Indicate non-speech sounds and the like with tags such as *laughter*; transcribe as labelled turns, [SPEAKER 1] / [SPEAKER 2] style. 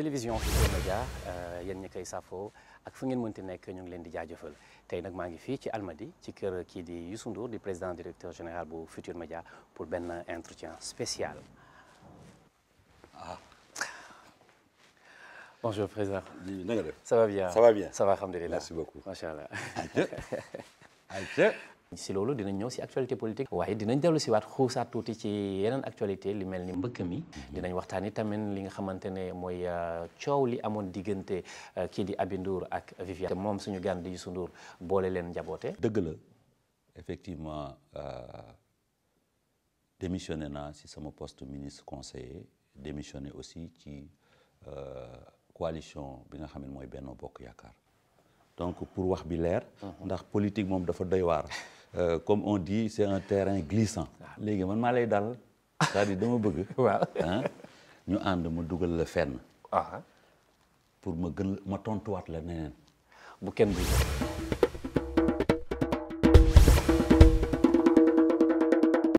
[SPEAKER 1] télévision Futurs Médias euh, yen ñi koy safoo ak fu ngeen mënti nekk ñu ngi leen di jaajëfal tey nag maa ngi fii ci Almadi ci kër kii di Youssou di président directeur général bu Futurs Médias pour benn entretien spécial
[SPEAKER 2] ah. bonjour président. na nga def ça va bien ça *laughs* si loolu dinañ ñëw si
[SPEAKER 1] actualité politique waaye dinañ dellu si waat xuusaat tuuti ci yeneen actualité li mel ni mbëkk mi dinañ waxtaan yi tamit li nga xamante ne mooy euh, coow li amoon diggante euh, kii di Aby ak Viviane moom suñu gan di Youssou Ndour
[SPEAKER 3] boole leen njaboote dëgg la effectivement euh, démissionné naa si sama poste ministre conseiller démissionné aussi ci coalition bi nga xam mooy Benno Bokk Yaakaar donc pour wax bi leer mm-hmm. ndax politique moom dafa doy waar *laughs* euh, comme on di c'est un terrain glissant. léegi man maa lay dal c'est-à-dire dama bëgg. waaw ñu ànd ma dugal la fenn. Ah. pour ma gën ma tontuwaat la neneen bu kenn bu